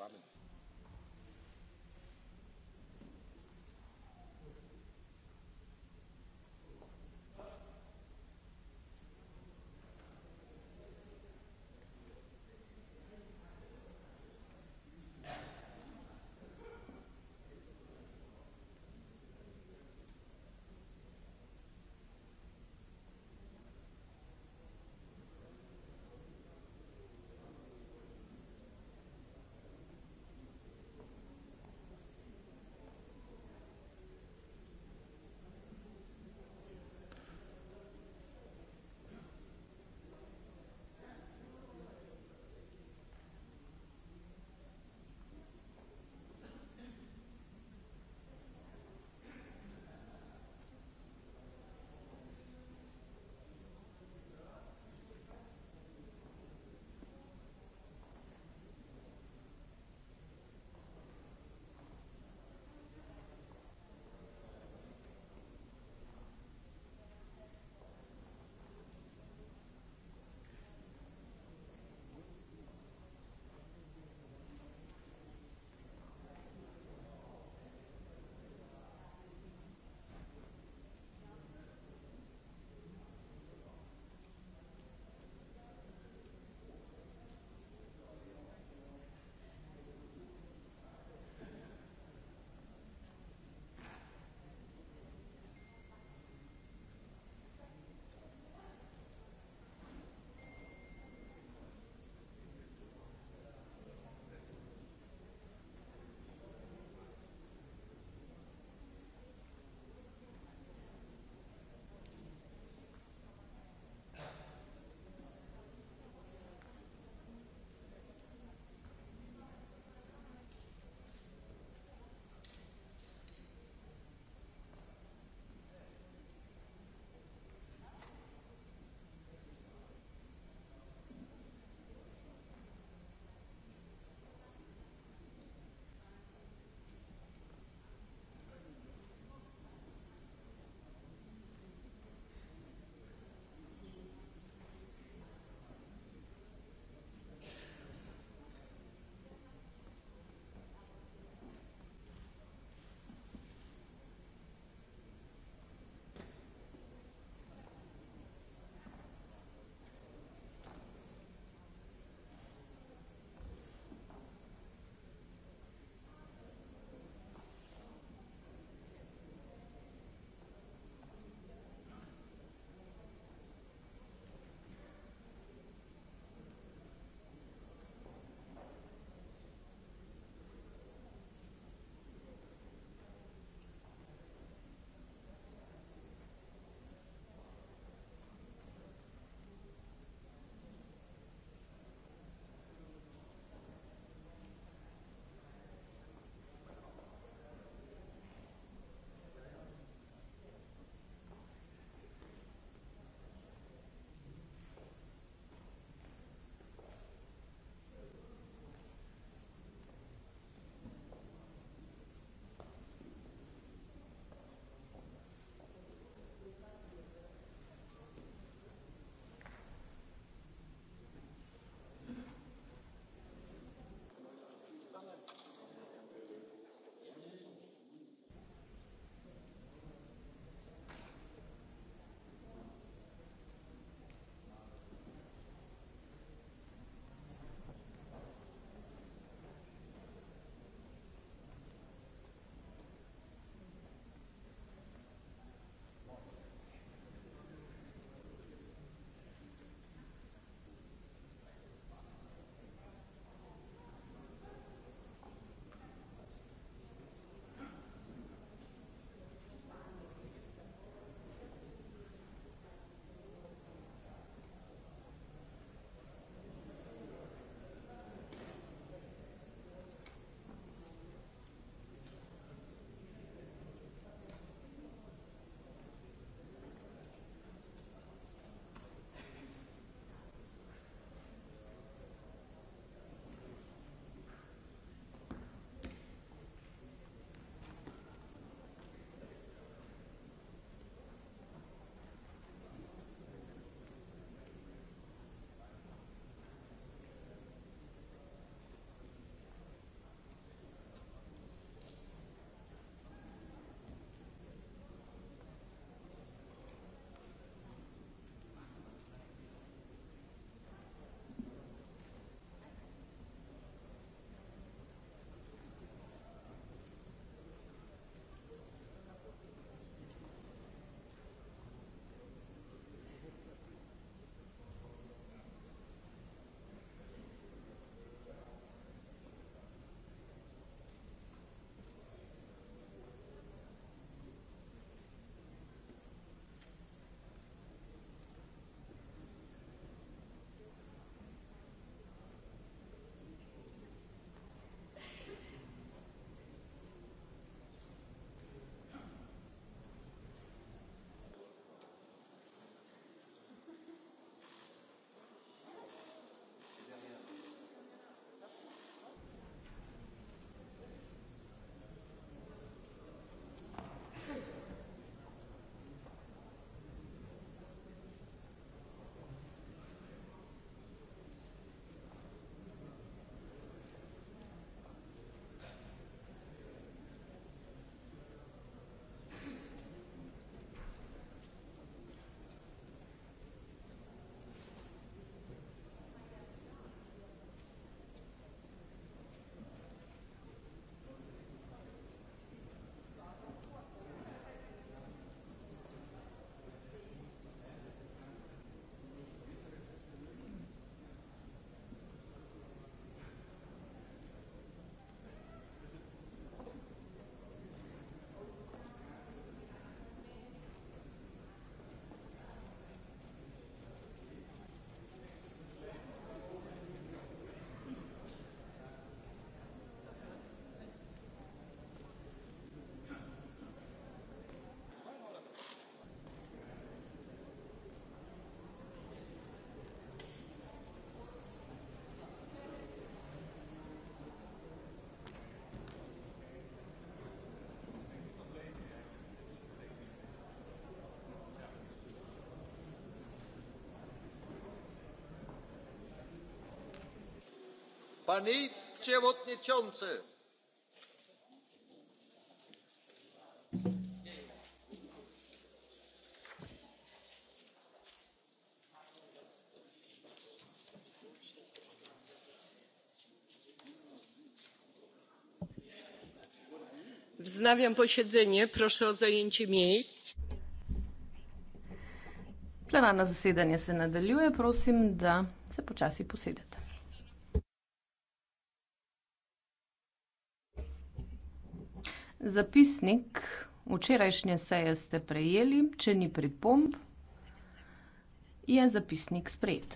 warming. wznawiam posiedzenie proszę o zajęcie miejsc. plenarno zasedanje se nadaljuje prosim da se počasi posedete. Zapisnik včerajšnje seje ste prejeli. Če ni pripomb, je zapisnik sprejet.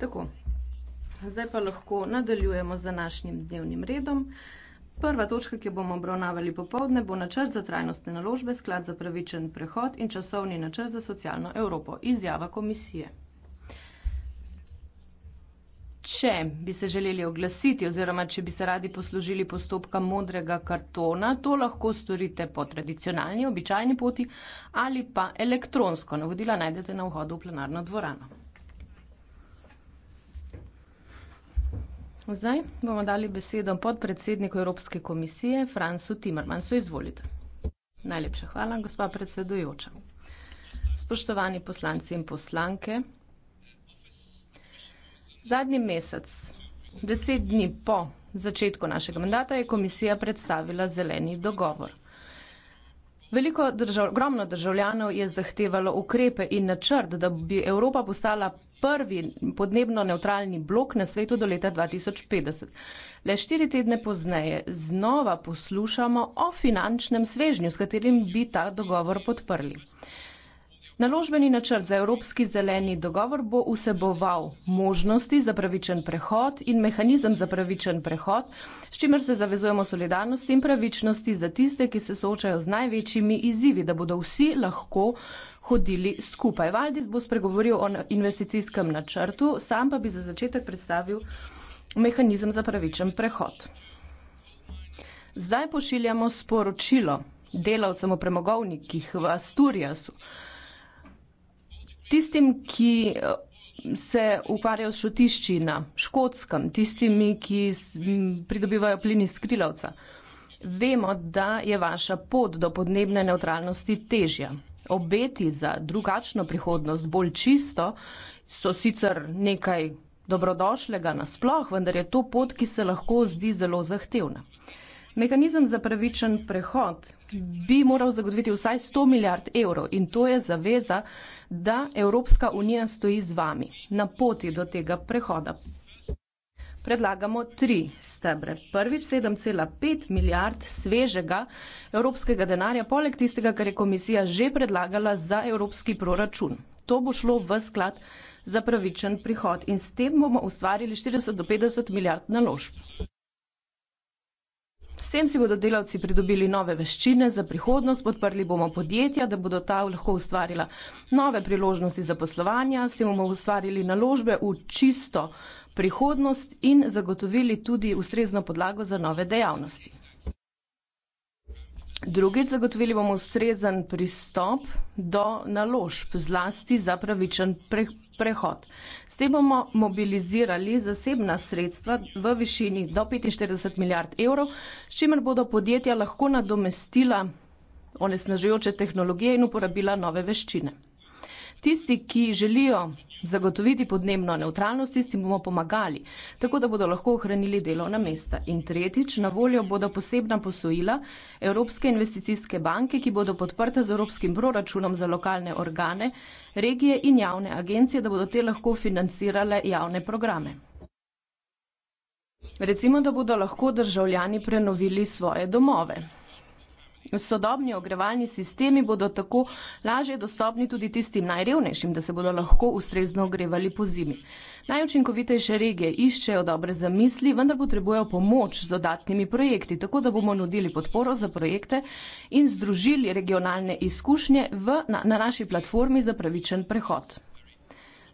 Tako, zdaj pa lahko nadaljujemo z današnjim dnevnim redom. Prva točka, ki jo bomo obravnavali popovdne, bo načrt za trajnostne naložbe, sklad za pravičen prehod in časovni načrt za socialno Evropo. Izjava komisije če bi se želeli oglasiti oziroma če bi se radi poslužili postopka modrega kartona, to lahko storite po tradicionalni, običajni poti ali pa elektronsko. Navodila najdete na vhodu v plenarno dvorano. Zdaj bomo dali besedo podpredsedniku Evropske komisije, Francu Timmermansu. Izvolite. Najlepša hvala, gospa predsedujoča. Spoštovani poslanci in poslanke. Zadnji mesec, deset dni po začetku našega mandata, je komisija predstavila zeleni dogovor. Veliko držav, ogromno državljanov je zahtevalo ukrepe in načrt, da bi Evropa postala prvi podnebno neutralni blok na svetu do leta 2050. Le štiri tedne pozneje znova poslušamo o finančnem svežnju, s katerim bi ta dogovor podprli. Naložbeni načrt za Evropski zeleni dogovor bo vseboval možnosti za pravičen prehod in mehanizem za pravičen prehod, s čimer se zavezujemo solidarnosti in pravičnosti za tiste, ki se soočajo z največjimi izzivi, da bodo vsi lahko hodili skupaj. Valdis bo spregovoril o investicijskem načrtu, sam pa bi za začetek predstavil mehanizem za pravičen prehod. Zdaj pošiljamo sporočilo delavcem v premogovnikih v Asturijasu tistim, ki eh, se ukvarjajo s šotišči na škotskem, tistimi, ki pridobivajo plin iz skrilavca. Vemo, da je vaša pot do podnebne neutralnosti težja. Obeti za drugačno prihodnost, bolj čisto, so sicer nekaj dobrodošlega nasploh, vendar je to pot, ki se lahko zdi zelo zahtevna. Mehanizem za pravičen prehod bi moral zagotoviti vsaj 100 milijard evrov in to je zaveza, da Evropska unija stoji z vami na poti do tega prehoda. Predlagamo tri stebre. Prvič 7,5 milijard svežega evropskega denarja, poleg tistega, kar je komisija že predlagala za evropski proračun. To bo šlo v sklad za pravičen prihod in s tem bomo ustvarili 40 do 50 milijard naložb. S tem si bodo delavci pridobili nove veščine za prihodnost, podprli bomo podjetja, da bodo ta lahko ustvarila nove priložnosti za poslovanja, s tem bomo ustvarili naložbe v čisto prihodnost in zagotovili tudi ustrezno podlago za nove dejavnosti. Drugič, zagotovili bomo ustrezen pristop do naložb, zlasti za pravičen pre prehod. S tem bomo mobilizirali zasebna sredstva v višini do 45 milijard evrov, s čimer bodo podjetja lahko nadomestila onesnažujoče tehnologije in uporabila nove veščine. Tisti, ki želijo zagotoviti podnebno neutralnost, tisti bomo pomagali, tako da bodo lahko ohranili delovna mesta. In tretjič, na voljo bodo posebna posojila Evropske investicijske banke, ki bodo podprta z evropskim proračunom za lokalne organe, regije in javne agencije, da bodo te lahko financirale javne programe. Recimo, da bodo lahko državljani prenovili svoje domove. Sodobni ogrevalni sistemi bodo tako lažje dostopni tudi tistim najrevnejšim, da se bodo lahko ustrezno ogrevali po zimi. Najučinkovitejše regije iščejo dobre zamisli, vendar potrebujejo pomoč z dodatnimi projekti, tako da bomo nudili podporo za projekte in združili regionalne izkušnje v, na, na naši platformi za pravičen prehod.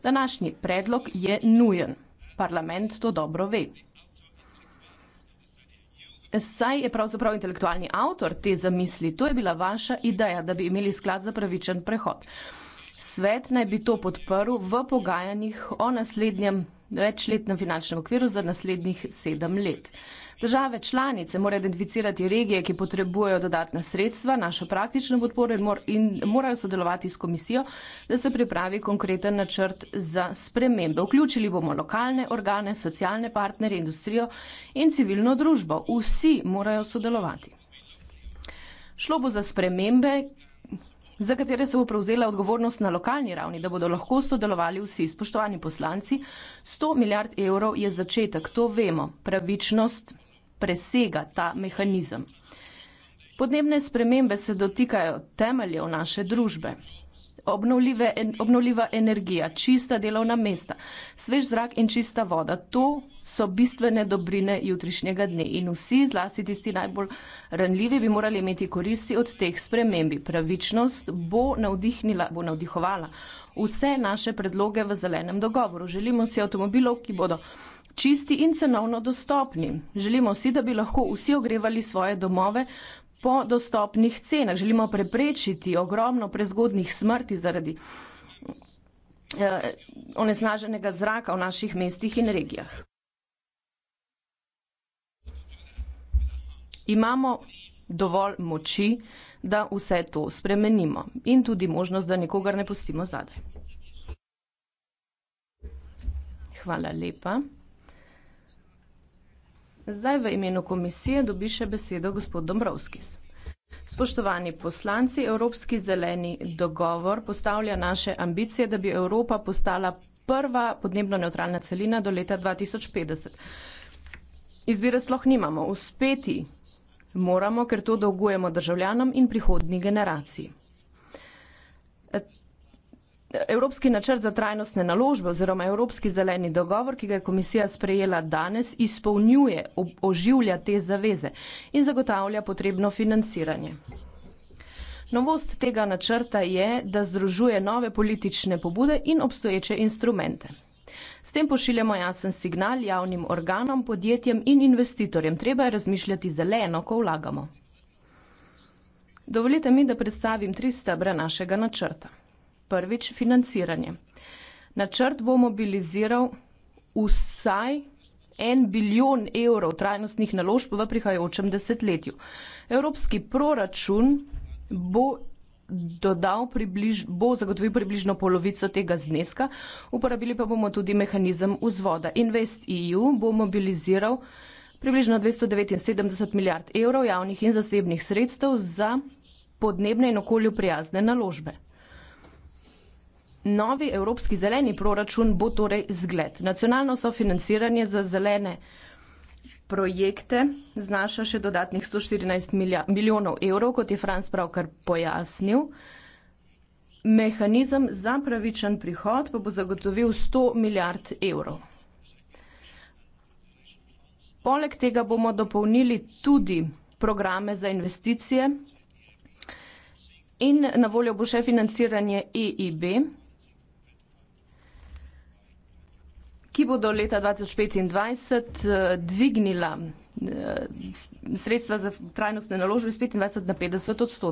Današnji predlog je nujen. Parlament to dobro ve. Saj je pravzaprav intelektualni avtor te zamisli. To je bila vaša ideja, da bi imeli sklad za pravičen prehod. Svet naj bi to podprl v pogajanjih o naslednjem večletnem finančnem okviru za naslednjih sedem let. Države članice morajo identificirati regije, ki potrebujejo dodatna sredstva, našo praktično podporo in, mor in morajo sodelovati s komisijo, da se pripravi konkreten načrt za spremembe. Vključili bomo lokalne organe, socialne partnerje, industrijo in civilno družbo. Vsi morajo sodelovati. Šlo bo za spremembe, za katere se bo prevzela odgovornost na lokalni ravni, da bodo lahko sodelovali vsi spoštovani poslanci. 100 milijard evrov je začetek, to vemo. Pravičnost presega ta mehanizem. Podnebne spremembe se dotikajo temeljev naše družbe obnovljive, en, obnovljiva energija, čista delovna mesta, svež zrak in čista voda. To so bistvene dobrine jutrišnjega dne in vsi, zlasti tisti najbolj ranljivi, bi morali imeti koristi od teh spremembi. Pravičnost bo navdihnila, bo navdihovala vse naše predloge v zelenem dogovoru. Želimo si avtomobilov, ki bodo čisti in cenovno dostopni. Želimo si, da bi lahko vsi ogrevali svoje domove po dostopnih cenah. Želimo preprečiti ogromno prezgodnih smrti zaradi eh, onesnaženega zraka v naših mestih in regijah. Imamo dovolj moči, da vse to spremenimo in tudi možnost, da nikogar ne pustimo zadaj. Hvala lepa. Zdaj v imenu komisije dobi še besedo gospod Dombrovskis. Spoštovani poslanci, Evropski zeleni dogovor postavlja naše ambicije, da bi Evropa postala prva podnebno neutralna celina do leta 2050. Izbire sploh nimamo. Uspeti moramo, ker to dolgujemo državljanom in prihodni generaciji. Evropski načrt za trajnostne naložbe oziroma Evropski zeleni dogovor, ki ga je komisija sprejela danes, izpolnjuje, oživlja te zaveze in zagotavlja potrebno financiranje. Novost tega načrta je, da združuje nove politične pobude in obstoječe instrumente. S tem pošiljamo jasen signal javnim organom, podjetjem in investitorjem. Treba je razmišljati zeleno, ko vlagamo. Dovolite mi, da predstavim tri stebre našega načrta prvič financiranje. Načrt bo mobiliziral vsaj en bilijon evrov trajnostnih naložb v prihajajočem desetletju. Evropski proračun bo dodal približ, bo zagotovil približno polovico tega zneska, uporabili pa bomo tudi mehanizem vzvoda. Invest EU bo mobiliziral približno 279 milijard evrov javnih in zasebnih sredstev za podnebne in okolju prijazne naložbe. Novi evropski zeleni proračun bo torej zgled. Nacionalno sofinanciranje za zelene projekte znaša še dodatnih 114 milijonov evrov, kot je Franz pravkar pojasnil. Mehanizem za pravičen prihod pa bo zagotovil 100 milijard evrov. Poleg tega bomo dopolnili tudi programe za investicije in na voljo bo še financiranje EIB. ki bo do leta 2025 eh, dvignila eh, sredstva za trajnostne naložbe s 25 na 50 odstotkov.